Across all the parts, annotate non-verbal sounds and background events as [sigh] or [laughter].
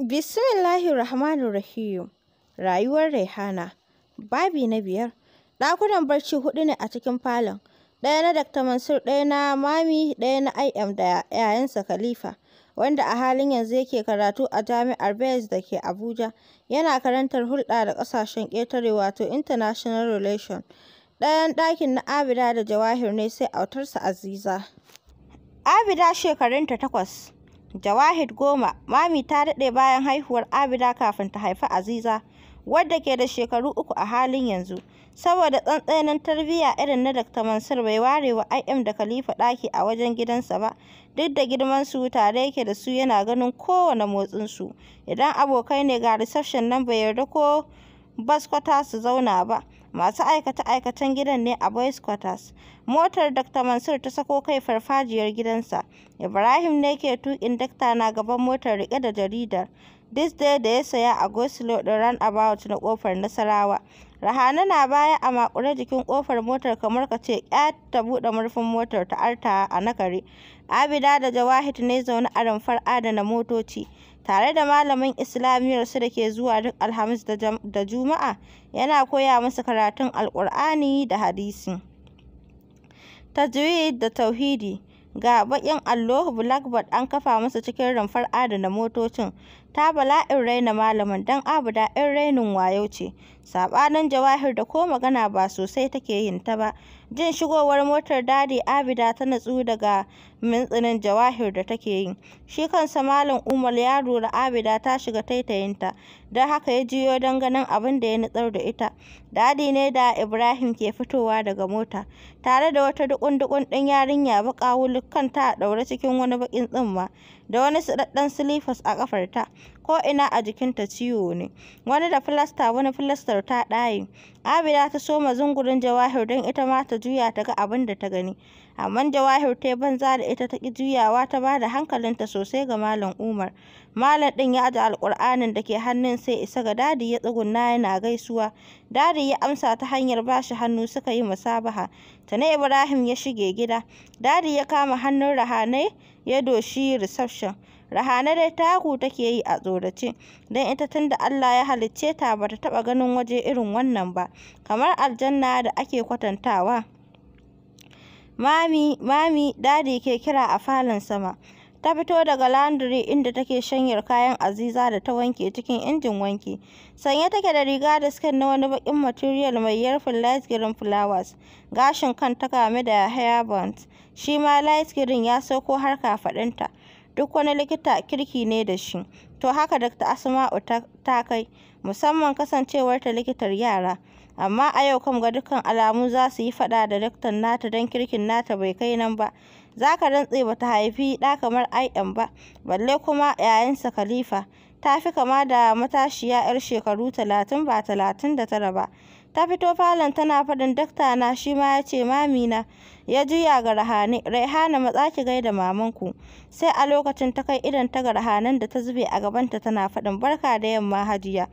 Bismillahirrahmanirrahim. Rayuwar Raihana. Babi na biyar. Ɗakunan barci huɗu ne a cikin falon. Ɗaya na Dr. Mansur, ɗaya na Mami, ɗaya na IM da yayansa Khalifa, wanda a halin yanzu yake karatu a Jami'ar Bayes da ke Abuja. Yana karantar hulɗa da ƙasashen ƙetare wato International Relation. Ɗayan ɗakin na Abida da Jawahir ne sai autarsa Aziza. Abida shekarunta takwas. Jawahid Goma, Mami ta daɗe bayan haihuwar Abida kafin ta haifi Aziza, wadda ke da shekaru uku a halin yanzu. Saboda tsantsanin tarbiyya irin na Dr. Mansur bai ware wa IM da Khalifa ɗaki a wajen gidansa ba, duk da girman su tare yake da su yana ganin kowane motsin su Idan abokai ne ga reception nan bai yarda ko baskwata su zauna ba masu aikace-aikacen gidan ne a boys motar dr mansur ta sako kai farfajiyar gidansa ibrahim ne ke tuƙin dakta na gaban motar riƙe da jaridar this day da ya saya a gosilo ran runabout na kofar nasarawa rahana na baya a makure jikin ƙofar motar kamar ka ce ta buɗe murfin motar ta arta a nakare Abida da jawahit ne zaune a rumfar adana motoci tare da malamin islamiyyar su da ke zuwa duk Alhamis da Juma'a yana koya musu karatun Alƙur'ani da hadisi. Tajwid da Tauhidi ga baƙin allo blackboard an kafa musu cikin rumfar adana motocin ta bala'in raina malamin don abida 'yan rainin wayo ce saɓanin jawahir da ko magana ba sosai take yin ta ba jin shigowar motar dadi abida ta natsu daga mintsinin jawahir da take yi shi kansa malam umar ya lura abida ta shiga taitayinta don haka ya jiyo don ganin abin da ya nutsar da ita dadi ne da ibrahim ke fitowa daga mota tare da wata dukun-dukun ɗin yarinya baƙa wuluk kanta a ɗaure cikin wani baƙin tsimma da wani suɗaɗɗen silifas a ƙafarta ko'ina a jikinta ciwo ne, wani da filasta wani filastar ta ɗaye. Abida ta soma zungurin Jawahir don ita ma ta juya ta ga abin da ta gani, amma Jawahir ta banza da ita ta ƙi juyawa ta ba da hankalinta sosai ga Malam Umar. Malam ɗin ya aje Alƙur'anin da ke hannun sai isa ga dadi ya tsugunna yana gaisuwa. Dadi ya amsa ta hanyar ba shi hannu suka yi musabaha. Tana Ibrahim ya shige gida. Dadi ya kama hannun Rahane ya doshi reception. rahana dai taku take yi a tsorace, don ita tun da Allah ya halicce ta ba ta taɓa ganin waje irin wannan ba, kamar aljanna da ake kwatantawa. Mami, mami, dadi ke kira a falon sama. Ta fito daga landiri inda take shanyar kayan Aziza da ta wanke cikin injin wanki. Sanye take da riga da skin na wani bakin material mai yarfin light green flowers. Gashin kan ta kame da hair bands. Shi ma light green ya sauko har kafaɗinta. duk wani likita kirki ne da shi to haka Dr. Asma'u ta kai musamman kasancewarta likitar yara amma a yau kam ga dukkan alamu za su yi faɗa da daktan nata don kirkin nata bai kai nan ba za ka rantse ba ta haifi ɗa kamar IM ba balle kuma yayansa Khalifa ta fi kama da matashiya 'yar shekaru talatin ba talatin da tara ba ta fito falon tana faɗin dakta na shi ma ya ce mami na ya juya ga rahane raihana matsa ki da mamanku sai a lokacin ta kai idan ta ga rahanan da ta zube a gabanta tana faɗin barka da yamma hajiya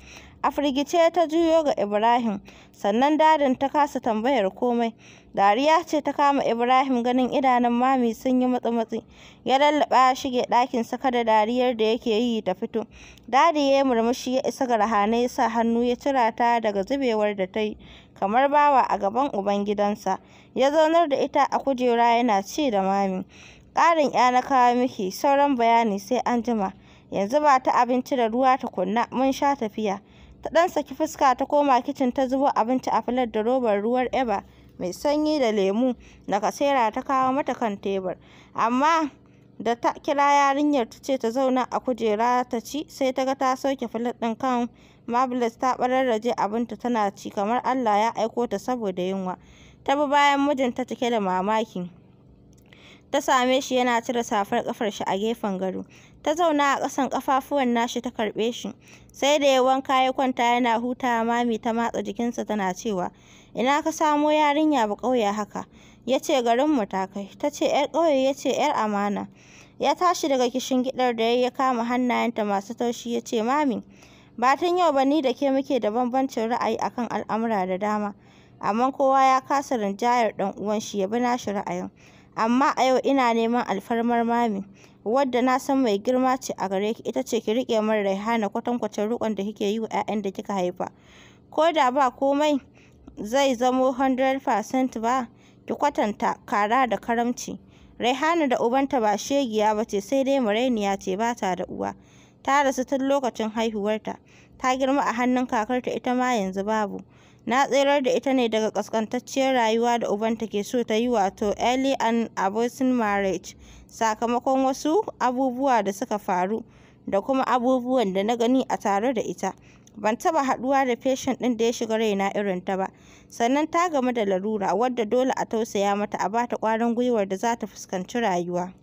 A firgice ta juyo ga Ibrahim, sannan dadin ta kasa tambayar komai. Dariya ce ta kama Ibrahim ganin idanun mami sun yi matsi Ya lallaba ya shige ɗakin saka da dariyar da yake yi ta fito. Dadi ya murmushi ya isa ga rahane ya sa hannu ya cira ta daga zubewar da ta yi. Kamar bawa a gaban ubangidansa. Ya zaunar da ita a kujera yana ci da mami. Ƙarin ya na kawo miki, sauran bayani sai an jima. Yanzu ba ta abinci da ruwa tukunna, mun sha tafiya. ta ɗan saki fuska ta koma kicin ta zubo abinci a filar da robar ruwar eba mai sanyi da lemu da kasera ta kawo mata kan tebur amma da ta kira yarinyar ta ce ta zauna a kujera ta ci sai ta ga ta sauke filar ɗin kan marbles ta bararraje abinta tana ci kamar allah ya aiko ta saboda yunwa ta bi bayan mijinta cike da mamaki ta same shi yana cire safar kafar shi a gefen gado ta zauna a ƙasan ƙafafuwan nashi ta karɓe shi sai da ya wanka ya kwanta yana hutawa mami ta matsa jikinsa tana cewa ina ka samo yarinya ba ƙauye haka ya ce garinmu ta kai ta ce ‘yar ƙauye ya ce ‘yar amana ya tashi daga kishin gidar da ya kama hannayenta masu taushi ya ce mami ba tun yau ba ni da ke muke da bambancin ra'ayi akan al'amura da dama amma kowa ya kasa rinjayar ɗan uwan shi ya bi nashi ra'ayin amma a yau ina neman alfarmar Mami, wadda na san mai girma ce a gare ki, ita ce ki riƙe min Raihana kwatankwacin riƙon da kike yi wa 'ya'yan da kika haifa. Ko da ba komai zai zamo 100% ba, ki kwatanta kara da karamci. Raihana da ubanta ba shegiya ba ce, sai dai marainiya ce ba ta da uwa. Ta rasu tun lokacin haihuwarta, ta girma a hannun kakarta ita ma yanzu babu. Na tserar da ita ne daga ƙasƙantacciyar rayuwa da ubanta ke so ta yi wato early and abortion marriage sakamakon wasu abubuwa da suka faru da kuma abubuwan da na gani a tare da ita. Ban taba haɗuwa da feshin ɗin da ya shiga raina irin ta ba. Sannan ta gamu da larura wadda dole a tausaya mata a bata ƙwarin gwiwar da za ta fuskanci rayuwa.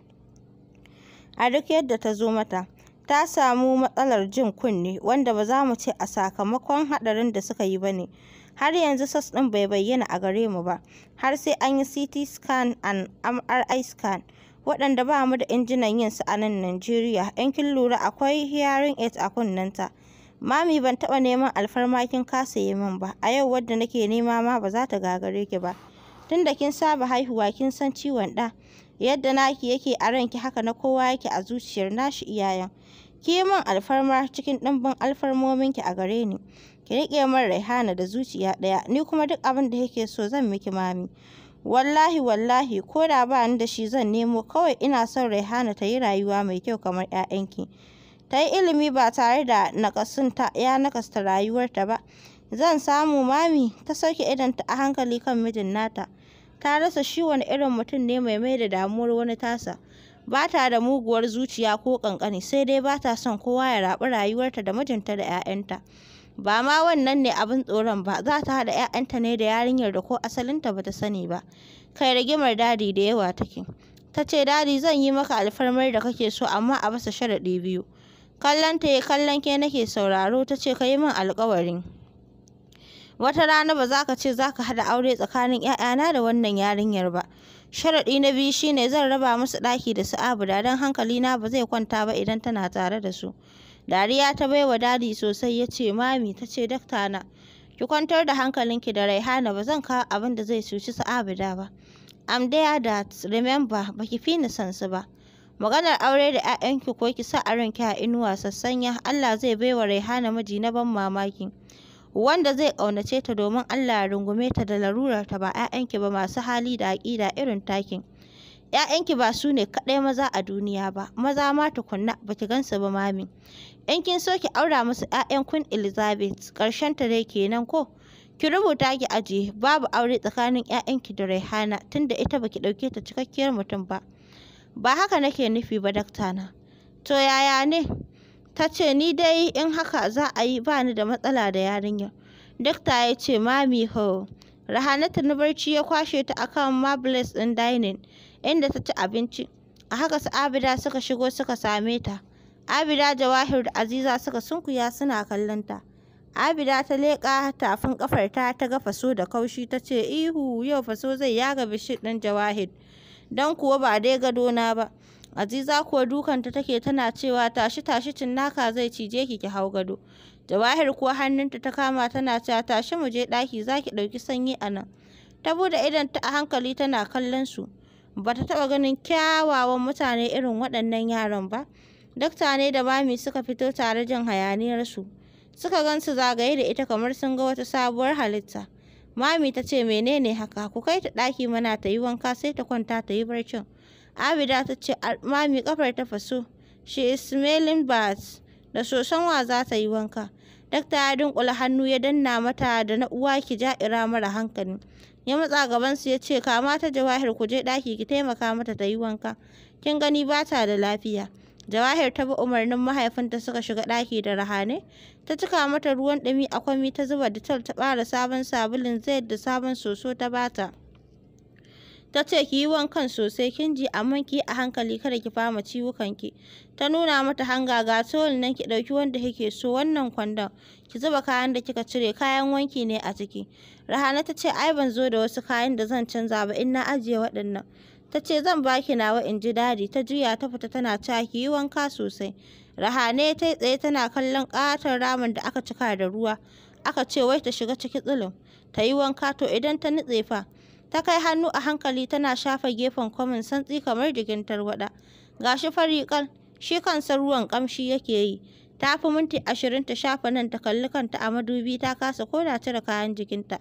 A duk yadda ta zo mata. ta samu matsalar jin kunne wanda ba za mu ce a sakamakon haɗarin da suka yi ba ne har yanzu sas ɗin bai bayyana a gare mu ba har sai an yi ct scan and mri scan waɗanda ba mu da injinan yin su a nan Najeriya in kin lura akwai hearing aid a kunnenta mami ban taɓa neman alfarma kin kasa yi min ba a yau wadda nake nema ma ba za ta gagare ki ba tunda kin saba haihuwa kin san ciwon ɗa yadda naki yake a ranki haka na kowa yake a zuciyar nashi iyayen ki yi min alfarma cikin ɗimbin alfarmominki a gare ni ki rike min Raihana da zuciya ɗaya ni kuma duk abin da yake so zan miki mami wallahi wallahi ko da ba ni da shi zan nemo kawai ina son Raihana ta yi rayuwa mai kyau kamar 'ya'yanki ta yi ilimi ba tare da nakasunta ya nakasta rayuwarta ba zan samu mami ta sauke idonta a hankali kan mijin nata ta rasa shi wani irin mutum ne mai mai da damuwar wani tasa ba ta da muguwar zuciya ko kankani sai dai ba ta son kowa ya raɓi rayuwarta da mijinta da 'ya'yanta Ba ma wannan ne abin tsoron ba, za ta haɗa 'ya'yanta ne da yarinyar da ko asalinta ba ta sani ba. Kai rigimar dadi da yawa take. Ta ce dadi zan yi maka alfarmar da kake so amma a basa sharaɗi biyu. Kallon ta kallon ke nake sauraro ta ce ka yi min alkawarin. Wata rana ba za ka ce za ka haɗa aure tsakanin 'ya'yana da wannan yarinyar ba. Sharaɗi na biyu shine zan raba musu ɗaki da su abuda don hankalina ba zai kwanta ba idan tana tare da su. Dariya ta baiwa dadi sosai ya ce mami ta ce na ki kwantar da hankalinki da Raihana ba zan kawo abin da zai cuci Sa'abida ba. I'm there that remember baki fi ni ba. Maganar aure da 'ya'yanki ko ki sa a ranki a inuwa sassanya Allah zai baiwa Raihana miji na ban mamaki. Wanda zai ƙaunace ta domin Allah ya rungume ta da larurarta ba 'ya'yanki ba masu hali da aƙida irin takin. ‘Ya'yanki ba su ne kaɗai maza a duniya ba, maza ma tukunna ba ki gansu ba mami. In kin so ki aura musu ‘ya'yan kun Elizabeth, ta dai kenan ko? Ki rubuta ki ajiye, babu aure tsakanin ‘ya'yanki da Raihana tunda ita baki ɗauke ta cikakkiyar mutum ba. Ba haka nake nufi ba daktana. To yaya ne? Ta ce ni dai in haka za a yi ba ni da matsala da yarinya Dakta ya ce mami ho, Rahanatu na barci ya kwashe ta a kan marbles ɗin dining inda ta ci abinci. A haka su Abida suka shigo suka same ta. Abida Jawahir da Aziza suka sunkuya suna kallon ta. Abida ta leƙa tafin ƙafarta ta ta ga faso da kaushi ta ce ihu yau faso zai yaga bishi ɗin Jawahir. Don kuwa ba dai gadona ba. Aziza kuwa dukanta take tana cewa tashi tashi naka zai cije ki ki hau gado. Jawahir kuwa hannunta ta kama tana cewa tashi mu je ɗaki za ki ɗauki sanyi a nan. Ta buɗe ta a hankali tana kallon su. Ba ta taɓa ganin kyawawan mutane irin waɗannan yaran ba. Dokta ne da mami suka fito tare jin hayaniyar su. Suka gansu zagaye da ita kamar sun ga wata sabuwar halitta. Mami ta ce menene haka ku kai ta ɗaki mana ta yi wanka sai ta kwanta ta yi barcin. Abida ta ce mami kafar ta faso. She is smelling bats. da soson wa za ta yi wanka dakta ya dunkula hannu ya danna mata da na uwa ki ja'ira mara hankali ya matsa gaban su ya ce kama ta jawahir ku je ɗaki ki taimaka mata ta yi wanka kin gani ba ta da lafiya jawahir ta bi umarnin mahaifinta suka shiga ɗaki da rahane ta cika mata ruwan ɗumi a kwami ta zuba dital ta bara sabon sabulin zai da sabon soso ta bata ta ce ki yi wankan sosai kin ji amma ki a hankali kada ki fama ciwukan ki. ta nuna mata hanga ga towel nan ki ɗauki wanda kike so wannan kwandon ki zuba kayan da kika cire kayan wanki ne a ciki rahana ta ce ai ban zo da wasu kayan da zan canza ba in na ajiye waɗannan ta ce zan baki nawa in ji dadi ta juya ta fita tana cewa ki yi wanka sosai rahane ta tsaye tana kallon ƙaton ramin da aka cika da ruwa aka ce wai ta shiga ciki tsilin ta yi wanka to idan ta nutse fa ta kai hannu a hankali tana shafa gefen kwamin santsi kamar jikin tarwada gashi fari kal shi kansa ruwan kamshi yake yi ta fi minti ashirin ta shafa nan ta kalli kanta a madubi ta kasa koda cire kayan jikinta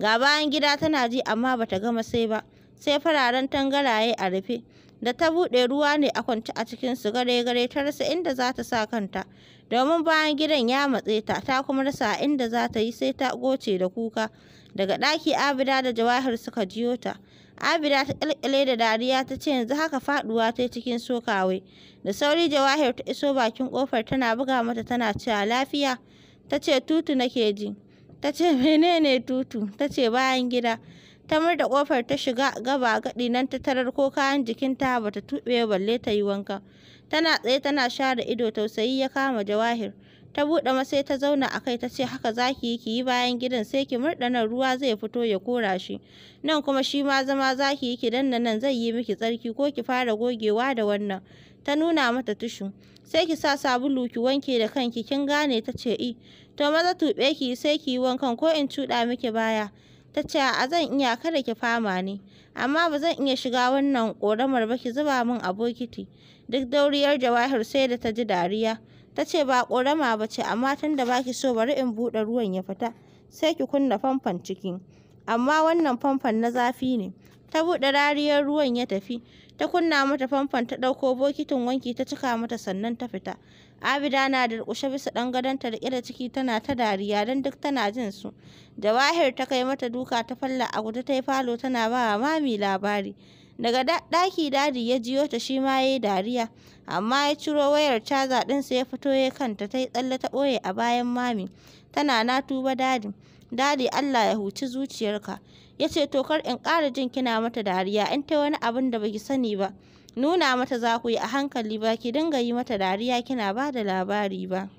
ga bayan gida tana ji amma bata gama sai ba sai fararen tangaraye a rufe da ta buɗe ruwa ne a kwance a cikin su gare gare ta rasa inda za ta sa kanta domin bayan gidan ya matse ta ta kuma rasa inda za ta yi sai ta goce da kuka Daga ɗaki Abida da Jawahir suka jiyo ta. Abida ta ƙalƙale da dariya ta ce yanzu haka faɗuwa ta cikin sokawai. Da sauri Jawahir ta iso bakin ƙofar tana buga mata tana cewa lafiya. Ta ce tutu nake ji. Ta ce menene tutu? Ta ce bayan gida. Ta murda ƙofar ta shiga gaba gaɗi nan ta tarar ko kayan jikin jikinta bata tuɓe balle ta yi wanka. Tana tsaye tana share ido tausayi ya kama Jawahir. ta buɗe sai ta zauna a kai ta ce haka za ki yi ki bayan gidan sai ki murɗanar nan ruwa zai fito ya kora shi nan kuma shi ma zama za ki yi ki danna nan zai yi miki tsarki ko ki fara gogewa da wannan ta nuna mata tushu sai ki sa sabulu ki wanke da kanki kin gane ta ce i eh. to maza tuɓe ki sai ki wankan ko in cuɗa miki baya ta ce a zan iya kada ki fama ne, amma ba zan iya shiga wannan ƙoramar ba ki zuba min a bokiti duk dauriyar jawahir sai da ta ji dariya Ta ce ba ƙorama ba ce amma tun da baki so bari in buɗe ruwan ya fita sai ki kunna famfon ciki. Amma wannan famfon na zafi ne. Ta buɗe rariyar ruwan ya tafi. Ta kunna mata famfon ta ɗauko bokitin wanki ta cika mata sannan ta fita. Abida na da durƙushe bisa ɗan gadon ta riƙe da ciki tana ta dariya don duk tana jin su. Jawahir ta kai mata duka ta falla a guje ta falo tana ba wa mami labari. Daga ɗaki dadi ya jiyo ta shi ma ya dariya, amma ya ciro wayar caza ɗinsa ya fito ya kanta ta tsalle ta ɓoye a bayan mami. Tana na tuba dadi, dadi Allah ya huci zuciyarka. Ya ce to kar in ƙara jin kina mata dariya in ta wani abin da baki sani ba. Nuna mata za ku yi a hankali ba ki dinga yi mata dariya kina ba da labari ba.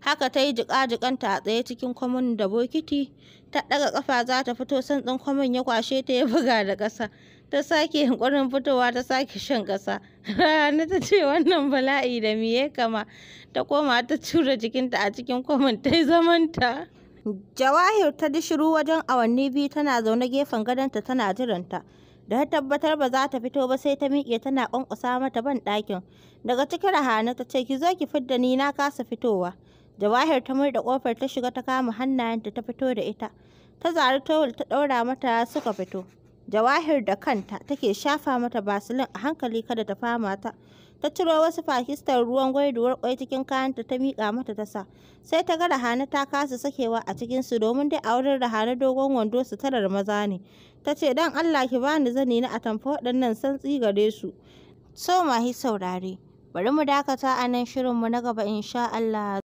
haka ta yi jiƙa-jiƙanta a tsaye cikin kwamin da bokiti ta ɗaga ƙafa za ta fito santsin kwamin ya kwashe ta ya buga da ƙasa ta sake hankurin fitowa ta sake shan ƙasa [laughs] rana ta ce wannan bala'i da miye kama ta koma ta cura jikinta a cikin kwamin ta zamanta jawahir ta di shiru wajen awanni biyu tana zaune gefen gadonta tana jiranta da ta tabbatar ba za ta fito ba sai ta miƙe tana ƙwanƙwasa mata ban ɗakin daga cikin rahana ta ce ki zo ki fidda ni na kasa fitowa jawahir ta murda ƙofar ta shiga ta kama hannayenta ta fito da ita ta zari towel ta ɗaura mata suka fito Jawahir da kanta take shafa mata basilin a hankali kada ta fama ta. Ta ciro wasu fakistan ruwan gwaiduwar kwai cikin kayanta ta miƙa mata ta sa. Sai ta ga Rahane ta kasa sakewa a cikin su domin dai a wurin Rahana dogon wando su tarar maza ne. Ta ce dan Allah ki bani zani na atamfa waɗannan santsi gare su. So mahi saurare. Bari mu dakata a nan shirinmu na gaba insha Allah.